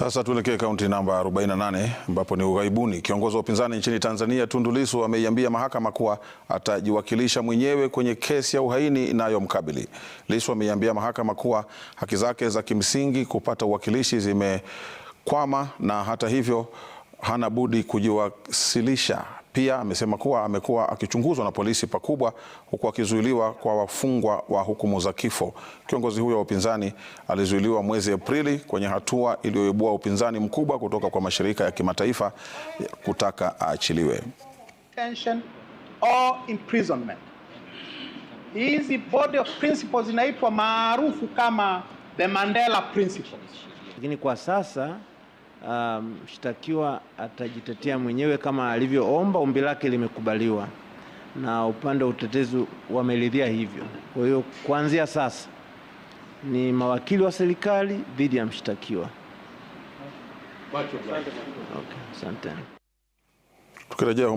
Sasa tuelekee kaunti namba 48 ambapo ni ughaibuni. Kiongozi wa upinzani nchini Tanzania Tundu Lissu ameiambia mahakama kuwa atajiwakilisha mwenyewe kwenye kesi ya uhaini inayomkabili. Lissu ameiambia mahakama kuwa haki zake za kimsingi kupata uwakilishi zimekwama na hata hivyo hana budi kujiwasilisha pia amesema kuwa amekuwa akichunguzwa na polisi pakubwa huku akizuiliwa kwa wafungwa wa hukumu za kifo. Kiongozi huyo wa upinzani alizuiliwa mwezi Aprili kwenye hatua iliyoibua upinzani mkubwa kutoka kwa mashirika ya kimataifa kutaka aachiliwe. Hizi body of principles zinaitwa maarufu kama the Mandela principles, lakini kwa sasa Um, mshtakiwa um, atajitetea mwenyewe kama alivyoomba, ombi lake limekubaliwa na upande wa utetezi wameridhia hivyo. Kwa hiyo kuanzia sasa ni mawakili wa serikali dhidi ya mshtakiwa. Okay, Tukirejea